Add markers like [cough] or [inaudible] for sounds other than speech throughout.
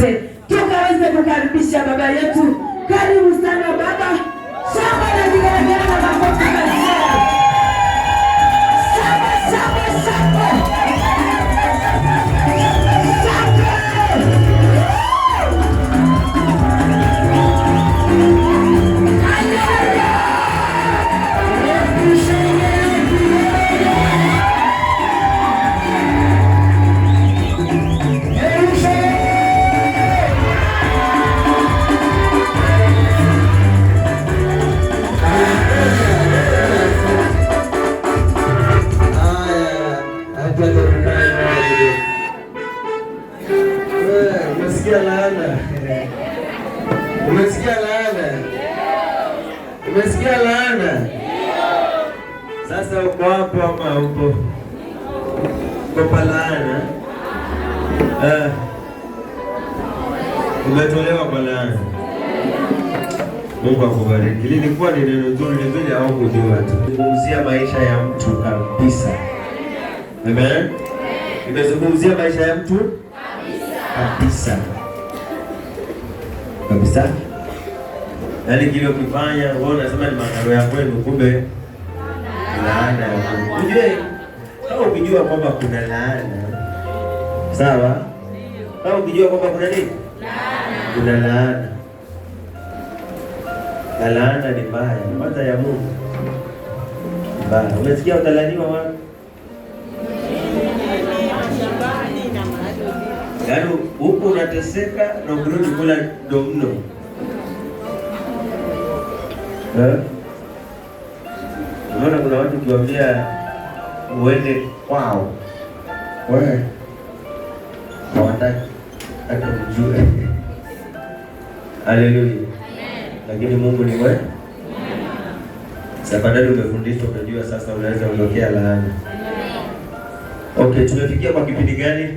zote tukaweze kukaribisha baba yetu. Karibu sana baba, shamba la vigelegele na makofi. Sasa uko wapi ama uko uko palaana? Eh, umetolewa kwa laana. Mungu akubariki. Lilikuwa ni neno zuri, ni vile haukujua tu. Kuzungumzia maisha ya mtu kabisa. Amen. Nimezungumzia maisha ya mtu kabisa kabisa, yaani kile ukifanya wewe unasema ni mataro ya kwenu, kumbe laana. Ujue kama ukijua kwamba kuna laana sawa, kama ukijua kwamba kuna nini, kuna laana na laana ni mbaya, mata ya Mungu mbaya. Umesikia utalaniwa wapi? Yaani huku unateseka na ukirudi kula ndo mno eh? Unaona, kuna watu ukiwaambia uende kwao wewe hawataki hata kujua. Haleluya! Lakini Mungu ni mwema. Safadhali umefundishwa, unajua sasa unaweza ondokea laana. Okay, tumefikia kwa kipindi gani?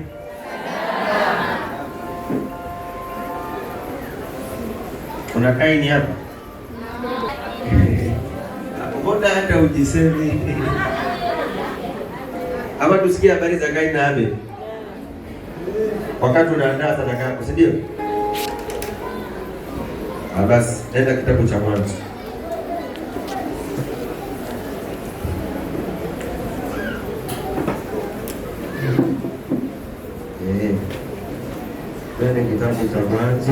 Kuna Kaini hapa mbona hata ujisemi? Ama tusikie habari za Kaini na Abel wakati unaandaa sadaka yako, si ndio? Ah, basi nenda kitabu cha Mwanzo eh, kitabu cha Mwanzo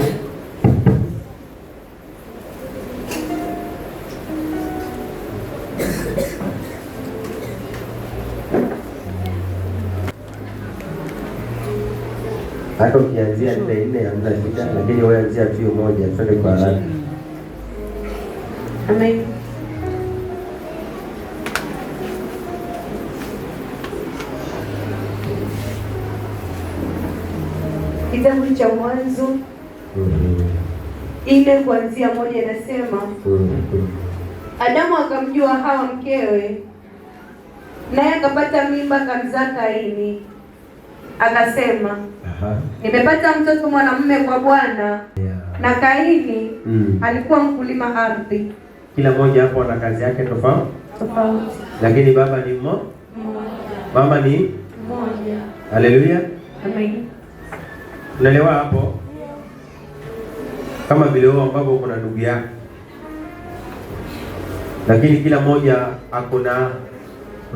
hata ukianzia nne nne hamna shida, lakini wewe anzia tu moja, twende kwa haraka. Amen. Kitabu cha Mwanzo mm-hmm. ile kuanzia moja inasema, mm-hmm. Adamu akamjua Hawa mkewe, naye akapata mimba, akamzaa Kaini, akasema nimepata mtoto mwanamume kwa Bwana yeah. na Kaini mm. alikuwa mkulima ardhi. Kila mmoja hapo ana kazi yake tofauti tofauti, lakini baba ni mmoja, mama ni mmoja. Haleluya, amen. Unaelewa hapo? Kama vile wewe ambapo kuna ndugu yako, lakini kila mmoja akona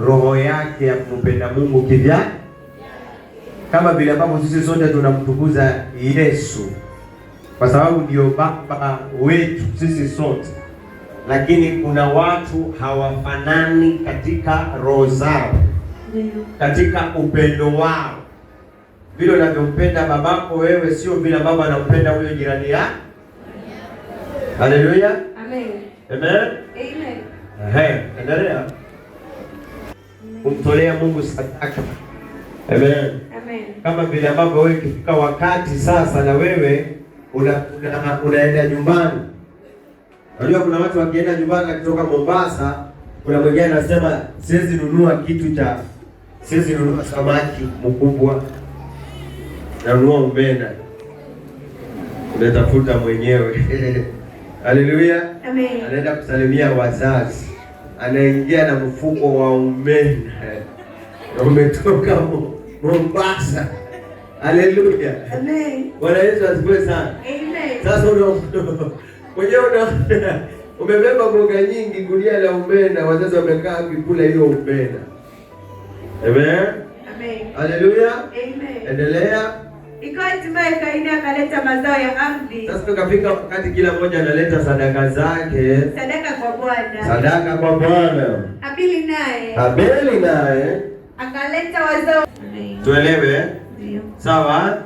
roho yake ya kumpenda Mungu kivyake kama vile ambavyo sisi sote tunamtukuza Yesu kwa sababu ndio baba wetu sisi sote, lakini kuna watu hawafanani katika roho zao, katika upendo wao. Vile unavyompenda babako wewe sio vile ambavyo anampenda huyo jirani ya Haleluya, amen, amen, amen. Endelea kumtolea Mungu sadaka Amen. Amen. Kama vile ambavyo wewe ikifika wakati sasa na wewe unaenda una, una nyumbani. Unajua kuna watu wakienda nyumbani kutoka Mombasa, kuna mwingine anasema siwezi nunua kitu cha siwezi nunua samaki mkubwa. Nanunua umbena. Unatafuta mwenyewe. [laughs] Haleluya. Amen. Anaenda kusalimia wazazi. Anaingia na mfuko wa umbena umetoka Mombasa. Haleluya, Bwana Yesu asifiwe sana. amen. Sasa mwenyewe [laughs] [laughs] umebeba mboga nyingi, gunia la umbenda, wazazi wamekaa kikula hiyo umbenda. Amen, amen. haleluya, endelea. Ikawa hatimaye Kaini akaleta mazao ya ardhi. Sasa tukafika wakati kila mmoja analeta sadaka zake, sadaka kwa Bwana, sadaka kwa Bwana. Abeli naye Abeli naye akaleta wazao. Tuelewe eh? sawa. Eh?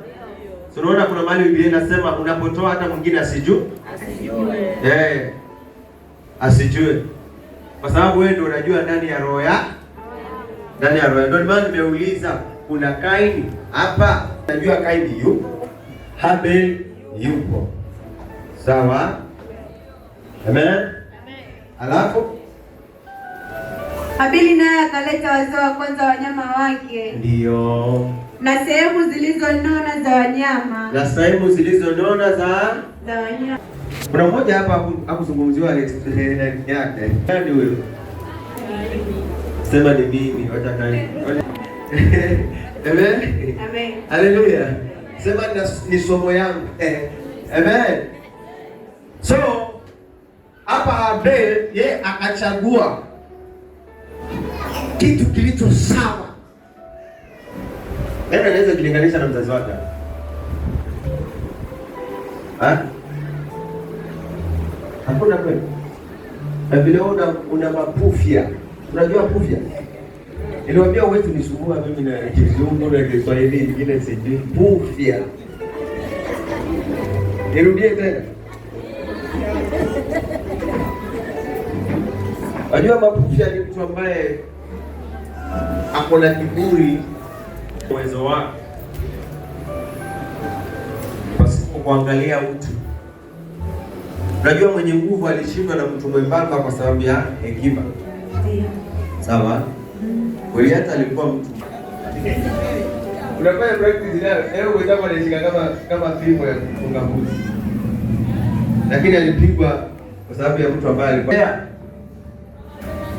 Tunaona kuna mahali Biblia inasema unapotoa hata mwingine asijue, asijue, eh, asijue, kwa sababu wewe ndio unajua ndani ya roho ya ndani ya roho. Ndio maana nimeuliza kuna Kaini hapa, najua Kaini yupo, Habel yupo, sawa. Amen, amen. Alafu Habili naye akaleta wazao wa kwanza wanyama wake, ndio na sehemu zilizonona za wanyama, na sehemu zilizonona za za wanyama. Kuna mmoja hapa hakuzungumziwa yake, nani huyo? Sema ni mimi. Amen, amen, haleluya. Sema ni somo yangu. Amen. So hapa Abel ye akachagua kitu kilicho sawa. Nani anaweza kujilinganisha na mzazi wake? Ha? Hakuna kweli. Na vile una una mapufya. Unajua pufya? Niliwaambia huwezi nisumbua mimi na Kizungu na Kiswahili ingine sijui. Pufya. Nirudie tena. Unajua, Magufuli ni mtu ambaye ako na kiburi, uwezo wake pasipo kuangalia utu. Unajua, mwenye nguvu alishindwa na mtu mwembamba kwa sababu ya hekima, sawa. Goliath mm-hmm. alikuwa mtu unafanya practice leo kama kama fimbo ya kufunga mbuzi, lakini alipigwa kwa sababu ya mtu ambaye alikuwa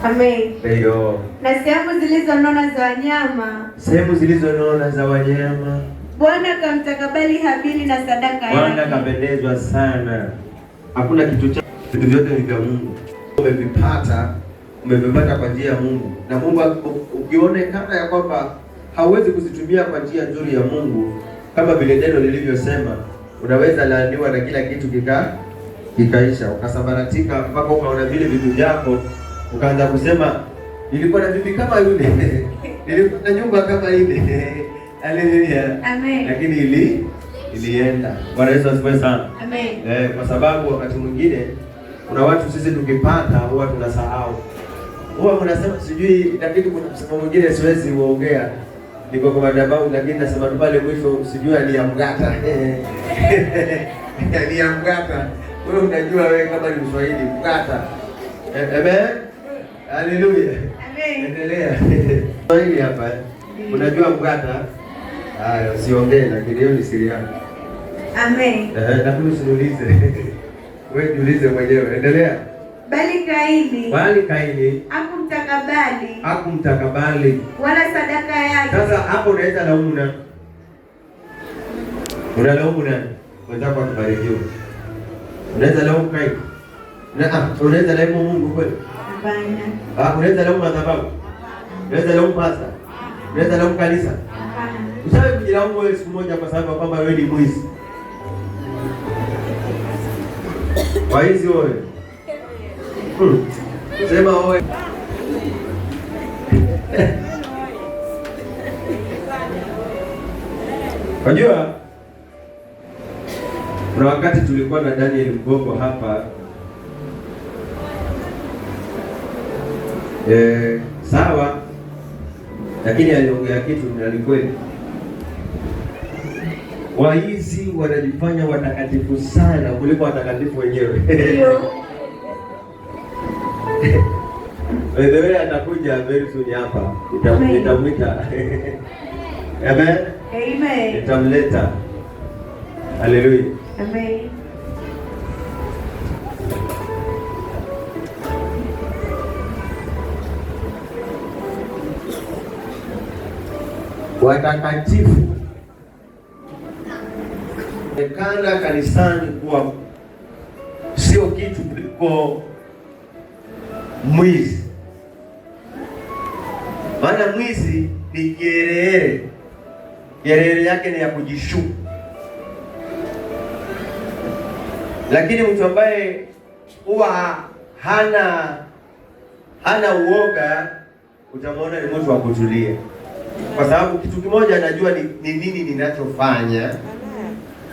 Amen. Na sehemu zilizonona za wanyama, sehemu zilizonona za wanyama, Bwana akamtakabali Habili na sadaka yake. Bwana akapendezwa sana. Hakuna kitu cha vitu vyote vya Mungu umevipata, umevipata kwa njia ya Mungu, na Mungu ukione kama ya kwamba hauwezi kuzitumia kwa njia nzuri ya Mungu, kama vile neno lilivyosema, unaweza laaniwa na kila kitu kika- kikaisha, ukasambaratika mpaka ukaona vile vitu vyako ukaanza kusema nilikuwa na bibi kama yule, [laughs] nilikuwa na nyumba kama ile. [laughs] Haleluya, amen. Lakini ili ilienda. Bwana Yesu asifiwe sana, amen. Eh, kwa sababu wakati mwingine kuna watu sisi tukipata huwa tunasahau, huwa tunasema sijui, lakini kuna msemo mwingine siwezi uongea niko kwa madhabahu lakini nasema tu pale mwisho, sijui aliamgata [laughs] aliamgata. Wewe unajua wewe kama ni Mswahili mgata, eh, amen. Haleluya. Amen. Endelea. Hili hapa. Unajua mgata? Haya, usiongee lakini hiyo ni siri yako. Amen. Eh, lakini usiulize. Wewe jiulize mwenyewe. Endelea. Bali Kaini. Bali Kaini. Hakumtakabali. Hakumtakabali. Wala sadaka yake. Sasa hapo unaweza laumu nani? Unalaumu nani? Wenzako akibarikiwa. Unaweza laumu Kaini. Na unaweza laumu Mungu kweli? Hapana. Ah, unaweza laumu madhabahu? Hapana. Unaweza laumu pasta? Hapana. Unaweza laumu kanisa? Hapana. Usawe kujilaumu wewe siku moja kwa sababu kwamba wewe ni mwizi? Waizi wewe. Hmm. Sema wewe. [laughs] Unajua? Kuna wakati tulikuwa na Daniel Mgongo hapa Eh, sawa, lakini aliongea kitu ni kweli. Waizi wanajifanya watakatifu sana kuliko watakatifu wenyewe. Wewe [laughs] atakuja very soon hapa, nitamwita [laughs] nitamleta. Haleluya, amen. watakatifu ekana kanisani kuwa sio kitu kuliko mwizi, maana mwizi ni kiherehere. Kiherehere yake ni ya kujishuku, lakini mtu ambaye huwa hana hana uoga utamwona ni mtu wa kutulia kwa sababu kitu kimoja najua ni, ni nini ninachofanya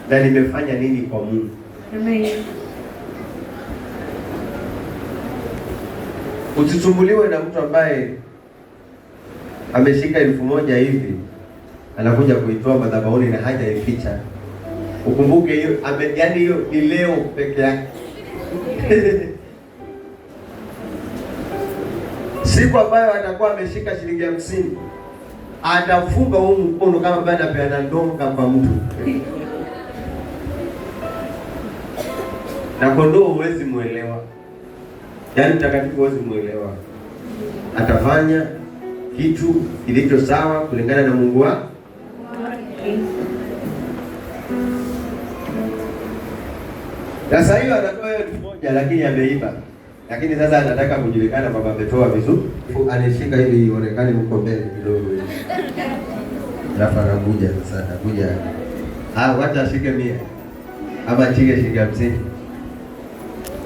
na nimefanya nini kwa Mungu. Usisumbuliwe na mtu ambaye ameshika elfu moja hivi anakuja kuitoa madhabahuni na haja ificha. Ukumbuke hiyo, yaani hiyo ni leo peke yake [laughs] siku ambayo atakuwa ameshika shilingi hamsini atafunga huu mkono kama ya peana ndonga kwa mtu na kondoo huwezi mwelewa, yaani mtakatifu huwezi mwelewa. Atafanya kitu kilicho sawa kulingana na Mungu wa Sasa hiyo anatoa elfu moja lakini ameiba lakini sasa anataka kujulikana kwamba ametoa vizuri, anashika ili ionekane huko mbele kidogo, Rafa anakuja sasa, anakuja ah, wacha ashike mia ama ashike shilingi hamsini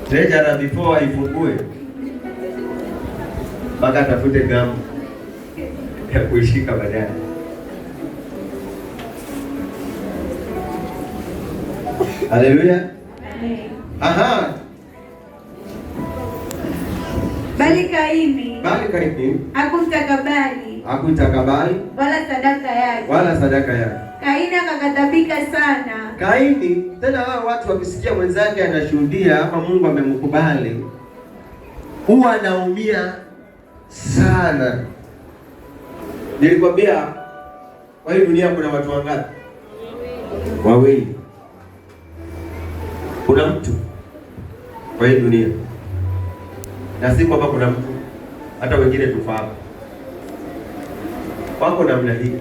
treasury before aifungue mpaka atafute gramu ya kuishika baadaye. Haleluya, aha. bali Kaini, bali Kaini hakumtakabali hakumtakabali wala sadaka yake wala sadaka yake. Kaini akaghadhabika sana. Kaini tena, wao watu wakisikia mwenzake anashuhudia ama Mungu amemkubali, huwa anaumia sana. Nilikwambia kwa hii dunia kuna watu wangapi? Wawili. Kuna mtu kwa hii dunia na si kwamba kuna mtu hata wengine tufahamu wako namna hii,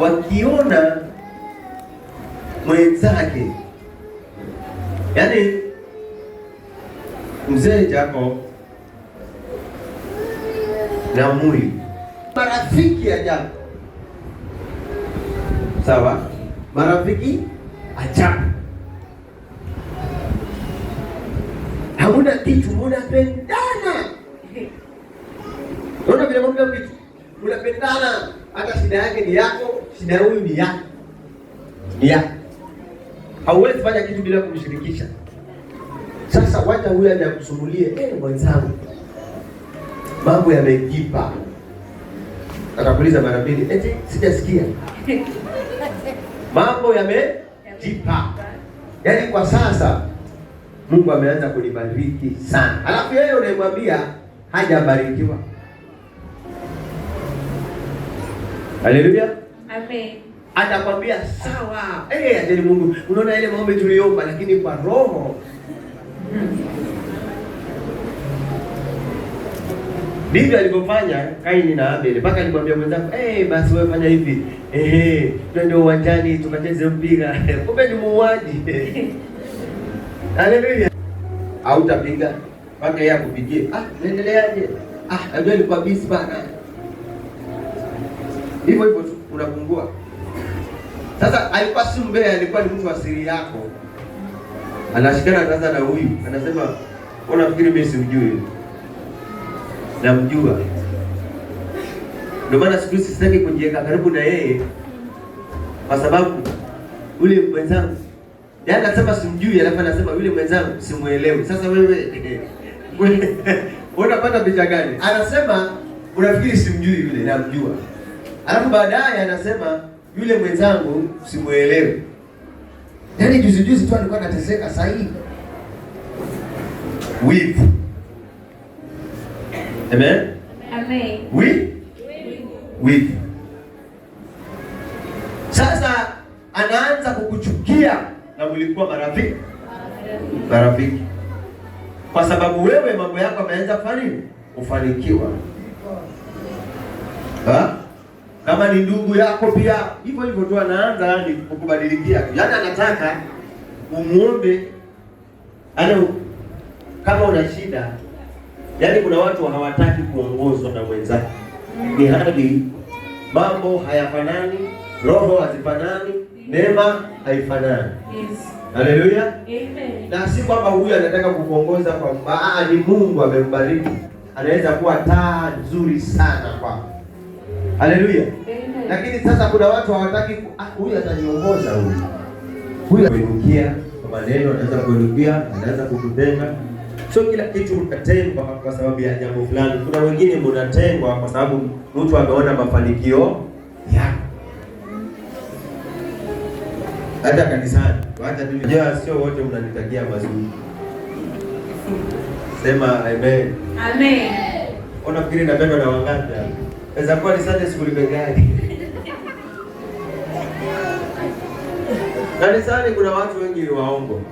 wakiona mwenzake, yaani mzee jako na mwili marafiki ya Jako, sawa, marafiki ajabu hamuna kitu, munapendana. Unaona vile hamna kitu, munapendana. Hata shida yake ni yako, shida ya huyu ni yako, ni yako. Hauwezi fanya kitu bila kumshirikisha. Sasa wacha huyu aje akusumulie, eh, mwenzangu, mambo yamejipa Atakuuliza mara mbili, eti sijasikia [laughs] mambo yamejipa yaani kwa sasa Mungu ameanza kunibariki sana, alafu yeye unayemwambia hajabarikiwa. Haleluya, amen. Atakwambia sawa, eh, ajeni Mungu. Unaona ile maombi tuliomba, lakini kwa roho ndivyo alivyofanya Kaini na Abel, mpaka alimwambia "Eh, hey, basi wewe fanya hivi, twende uwanjani tukacheze mpira [laughs] kumbe ni muuaji [laughs] Haleluya. Au utapiga mpaka yeye akupigie. Ah, naendeleaje? Ah, ndio ilikuwa busy bana. Hivyo hivyo tu unapungua. Sasa alikuwa si mbea, alikuwa ni mtu wa siri yako. Anashikana sasa na huyu, anasema unafikiri mimi simjui? Namjua. Ndio maana siku hizi sitaki kujiweka karibu na yeye kwa sababu ule mwenzangu Yaani anasema simjui, alafu anasema yule mwenzangu simuelewi. Sasa [laughs] wewe unapata picha gani? Anasema unafikiri simjui yule, namjua. Alafu baadaye anasema yule mwenzangu simuelewi. Yaani juzi juzi tu alikuwa anateseka, sasa hivi wivu. Amen. Amen. Wi? Wivu. Sasa anaanza kukuchukia na mlikuwa marafiki marafiki, kwa sababu wewe mambo yako yameanza kufanya nini, Ha? kama ni ndugu yako pia hivyo hivyo tu, anaanza ni kukubadilikia, yaani anataka umuombe ana, yaani kama una shida. Yaani kuna watu hawataki kuongozwa na mwenzake, ni hadi mambo hayafanani, roho hazifanani Neema haifanani. Yes. Haleluya. Amen. Na si kwamba huyu anataka kukuongoza kwa mbali, Mungu amembariki. Anaweza kuwa taa nzuri sana kwako. Haleluya. Lakini sasa kuna watu hawataki ah, huyu ataniongoza huyu. Huyu kuinukia kwa maneno, anaweza kuinukia, anaweza kukutenga. Sio kila kitu mtatengwa kwa sababu ya jambo fulani. Kuna wengine mnatengwa kwa sababu mtu ameona mafanikio yako hata kanisani, hata mimi sio wote mnanitakia mazuri. Sema amen. Amen. Unafikiri napendwa na wangapi? Weza kuwa ni Sunday school peke yake. Kanisani kuna watu wengi waongo.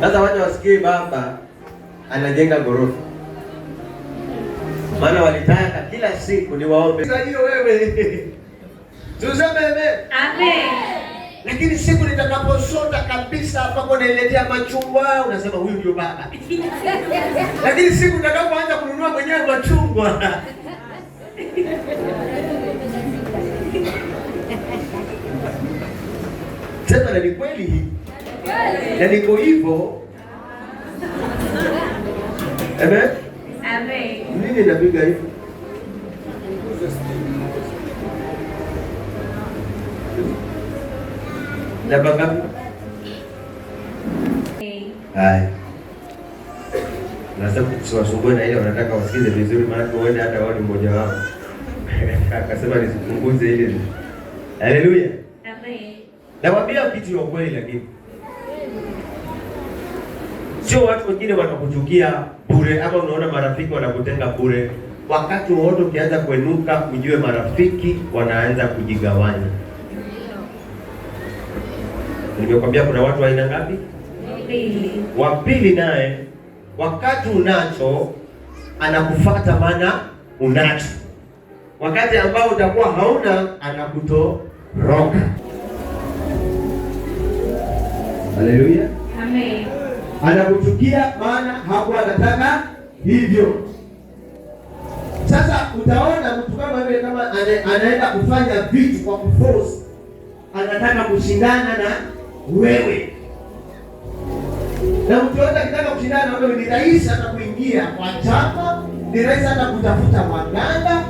Sasa wacha wasikie baba anajenga gorofa. Maana walitaka kila siku ni waombe. Sasa hiyo wewe Tuseme amen. Amen. Lakini siku nitakaposota kabisa hapa kwa niletea machungwa, unasema huyu ndio baba. [laughs] Lakini siku nitakapoanza kununua mwenyewe machungwa [laughs] sema, na ni kweli na niko hivyo. Amen. Amen. Nini napiga hivyo? Namba ngapi? Hai. Nasema kusiwasumbue na ile wanataka wasikize vizuri maana uende hata wao ni mmoja wao. [laughs] Akasema nisipunguze ile. Haleluya. Amen. Nakwambia kitu ya kweli lakini sio watu wengine wanakuchukia bure ama unaona marafiki wanakutenga bure. Wakati wowote ukianza kuenuka, ujue marafiki wanaanza kujigawanya. Nimekwambia kuna watu aina ngapi? Wapili. pili naye wakati unacho anakufata, maana unacho. Wakati ambao utakuwa hauna anakutoroka. Haleluya, amen. Anakuchukia maana hakuwa anataka hivyo. Sasa utaona mtu kama yule, kama anaenda kufanya vitu kwa kuforce, anataka kushindana na wewe. Na mtu yote akitaka kushindana na wewe ni rahisi hata kuingia kwa chama, ni rahisi hata kutafuta waganga,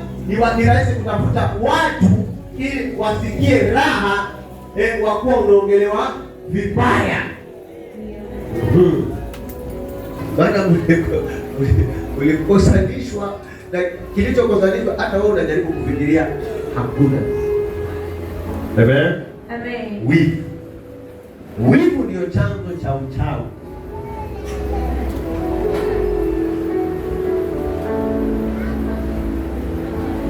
ni rahisi kutafuta watu ili wasikie raha eh, wakuwa unaongelewa vibaya hmm. Maana ulikosanishwa na kilichokosanishwa, hata wewe unajaribu kufikiria hakuna. Amen. Amen. Oui. Wivu ndio chanzo cha uchawi.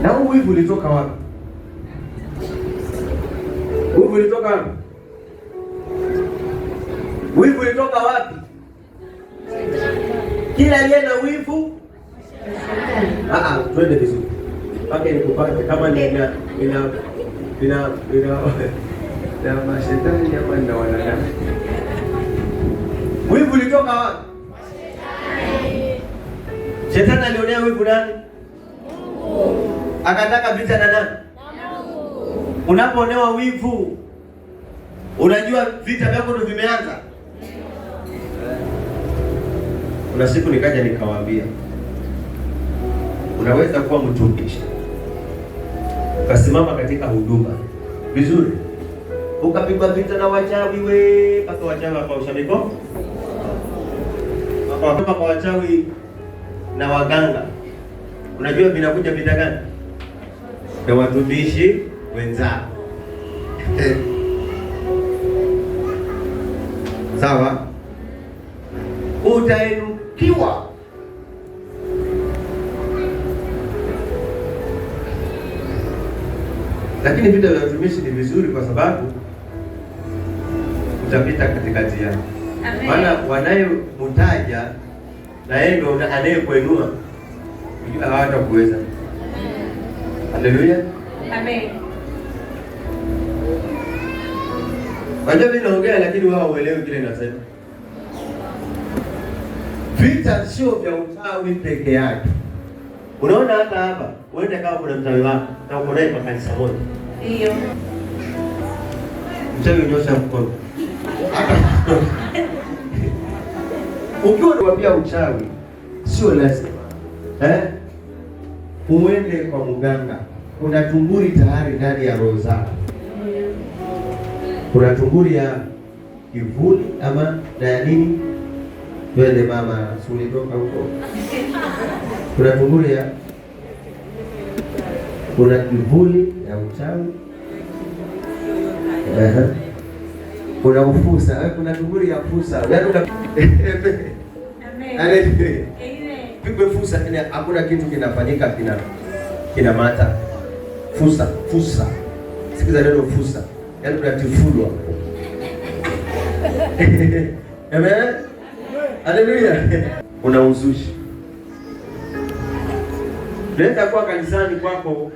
Na huu wivu ulitoka wapi? Wivu ulitoka wapi? Wivu ulitoka wapi? Kila aliye na wivu Ah ah, twende vizuri mpaka nikupate kama ni ina ina ina na mashetani hapa na wanadamu. Wivu ulitoka wapi? Shetani alionea wivu nani? Akataka vita na nani? Unapoonewa wivu unajua vita vyako ndio vimeanza. Kuna siku nikaja nikawaambia, unaweza kuwa mtumishi ukasimama katika huduma vizuri ukapigwa vita na wachawi we, mpaka wachawi wakaosha mikono wakatoka kwa wachawi na waganga. Unajua vinakuja vita gani? Na watumishi wenzao [laughs] sawa, utaenukiwa lakini vita vya watumishi ni vizuri kwa sababu utapita katikati yao, maana wanayemtaja na yeye ndio anayekuinua hata kuweza. Haleluya, amen. Wajua mimi naongea, lakini wao waelewi kile nasema. Vita sio vya uchawi peke yake. Unaona hata hapa uende kama kuna mchawi wako na uko naye kwa kanisa moja. Ndio. Mchawi unyosha mkono. Ukiwa unawaambia uchawi sio lazima eh, uende kwa mganga. Kuna tunguri tayari ndani ya roho zako, kuna tunguri ya kivuli ama na ya nini. Twende mama, si huko? Kuna tunguri ya kuna kivuli ya uchawi kuna ufusa, kuna kiburi ya fusa. Yaani yaani, pigwe fusa, yaani hakuna kitu kinafanyika kina kina mata fusa fusa. Sikiza neno fusa, yaani unatifulwa. [laughs] Amen, haleluya. Una uzushi, naenda kwa kanisani kwako,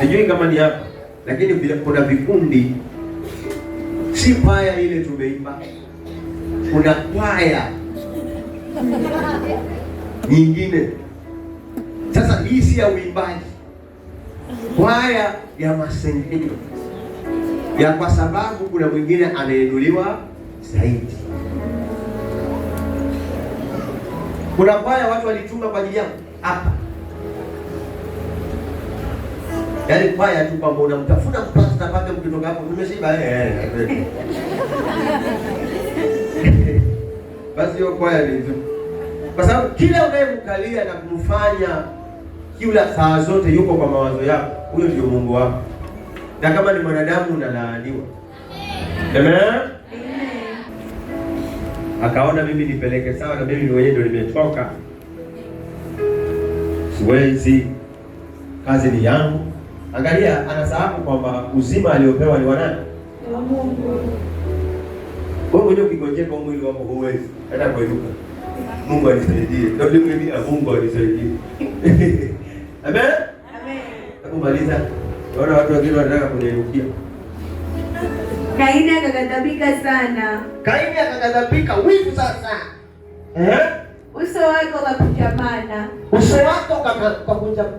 sijui kama ni hapa, lakini kuna vikundi si kwaya ile tumeimba, kuna kwaya nyingine. Sasa hii si ya uimbaji, kwaya ya masengenyo ya, kwa sababu kuna mwingine anainuliwa zaidi. Kuna kwaya watu walitunga kwa ajili ya hapa Yaani kwaya tu kwamba unamtafuta mpaka utapata mkitoka hapo nimeshiba eh, eh, eh, [laughs] Basi hiyo kwaya ni nzuri. Kwa sababu kila unayemkalia na kumfanya kila saa zote yuko kwa mawazo yako, huyo ndio Mungu wako. Na kama ni mwanadamu unalaaniwa. Amen. Akaona mimi nipeleke sawa, na mimi mwenyewe ndio nimetoka, siwezi, kazi ni yangu Angalia, anasahau kwamba uzima aliopewa ni wa nani? Wewe mwenyewe ukigonjeka mwili wako huwezi hata kuinuka. Mungu anisaidie. Ndio nimwambia ah, Mungu anisaidie. [laughs] Amen? Amen. Nakumaliza. Naona watu wengine wanataka kunyenyukia. Kaini akaghadhabika sana. Kaini akaghadhabika wivu sasa. Eh? Uso wake ukakunjamana. Uso wake ukakunjamana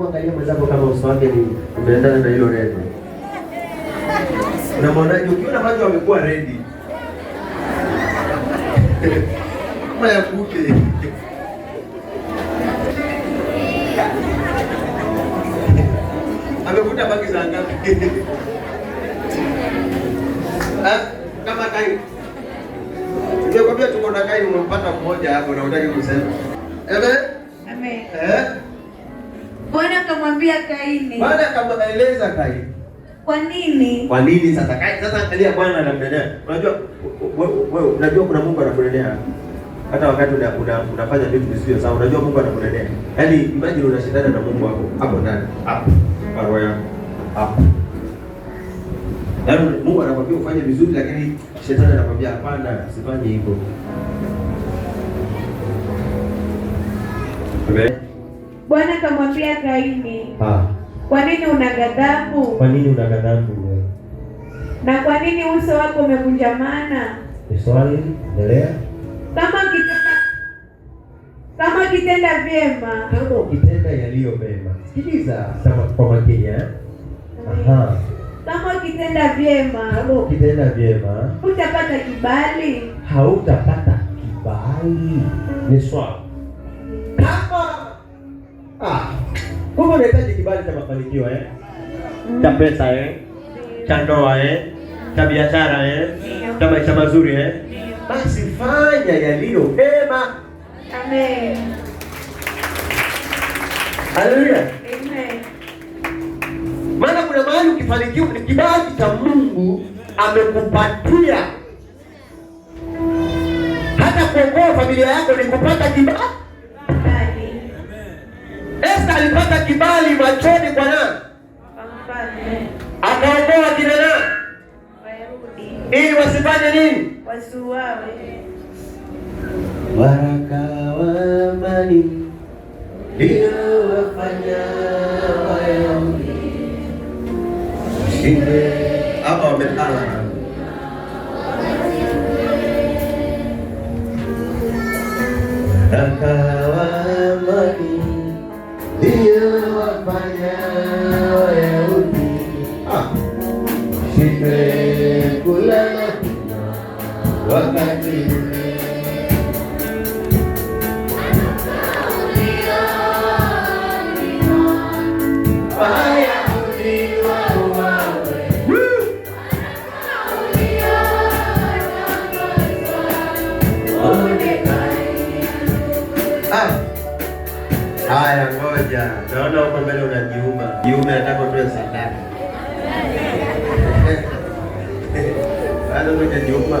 kuangalia mwenzako kama uso wake ni umeendana na hilo neno. Na mwanaji ukiona macho amekuwa watu [laughs] Kama ya kuke. [laughs] amevuta baki za ngapi? [laughs] Ah, kama Kaini ndio kwambia, tuko na Kaini, unampata mmoja hapo na unataka kusema amen amen eh Bwana akamwambia Kaini, Bwana akamweleza Kaini kwa nini, kwa nini sasa. Kaini sasa, angalia, Bwana anamnenea. Unajua wewe, unajua kuna Mungu anakunenea hata wakati una, una, unafanya vitu visivyo sawa, unajua Mungu anakunenea. Yaani imagine unashindana na Mungu wako hapo ndani hapo kwa roho yako hapo, yaani Mungu anakwambia ufanye vizuri, lakini shetani anakwambia hapana, usifanye hivyo. Bwana akamwambia Kaini, ah. kwa nini una ghadhabu? Kwa nini una ghadhabu wewe? Na kwa nini uso wako umekunjamana? Swali, endelea. Kama kitenda kama kitenda vyema, kama ukitenda yaliyo mema. Sikiliza kwa makini eh. Aha. Kama ukitenda vyema, kama ukitenda vyema, utapata kibali. Hautapata kibali. Ni swali. Kama Ah. Kumbe unahitaji kibali cha mafanikio eh? Cha mm. pesa eh? Cha ndoa eh? Cha biashara eh? Cha maisha mazuri eh? Basi fanya yaliyo mema. Amen. Haleluya. Amen. Maana kuna mahali ukifanikiwa ni kibali cha Mungu amekupatia. Hata kuokoa familia yako ni kupata kibali Esta alipata kibali machoni kwa nani? Akaokoa kina nani? Ili wasifanye nini? Wasiuawe. Waraka wa amani ndio wafanya Wayahudi shinde Hapa wamepanga Waraka naona huko mbele unajiuma jiume atako tuwe sadaka [laughs] bado anakujajiuma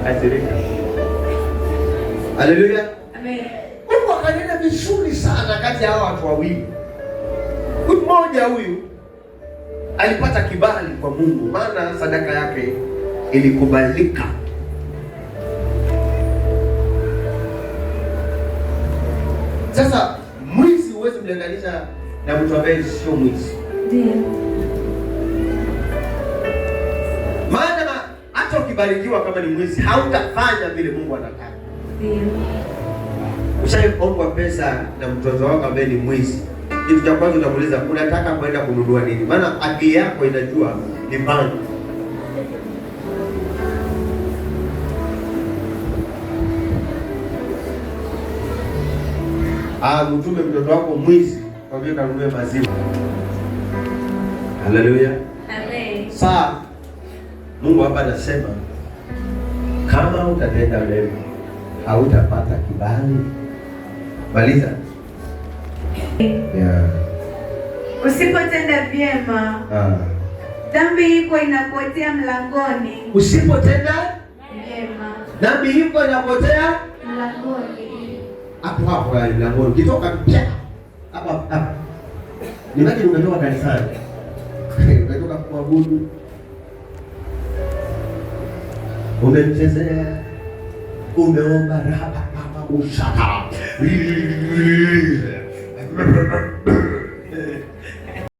akasirika. Haleluya, amen. Mungu akanena vizuri sana kati ya hao watu wawili. Huyu mmoja huyu alipata kibali kwa Mungu, maana sadaka yake ilikubalika. Sasa na mtu ambaye sio mwizi. Ndio maana hata ukibarikiwa kama ni mwizi hautafanya vile Mungu anataka. Ndio ushaombwa pesa na mtoto wako ambaye ni mwizi, kitu cha kwanza utamuuliza unataka kwenda kununua nini? Maana akili yako inajua ni bangi. Ah, mtume mtoto wako mwizi Kwambie kanunue maziwa. Haleluya. Amen. Saa Mungu hapa anasema kama utatenda mema hautapata kibali. Maliza. Yeah. Usipotenda vyema ah. dhambi iko inapotea mlangoni. Usipotenda vyema dhambi iko inapotea mlangoni. Hapo hapo mlangoni, ukitoka Imagine umetoka kanisani umetoka kuabudu, umemchezea, umeomba raha, ushaka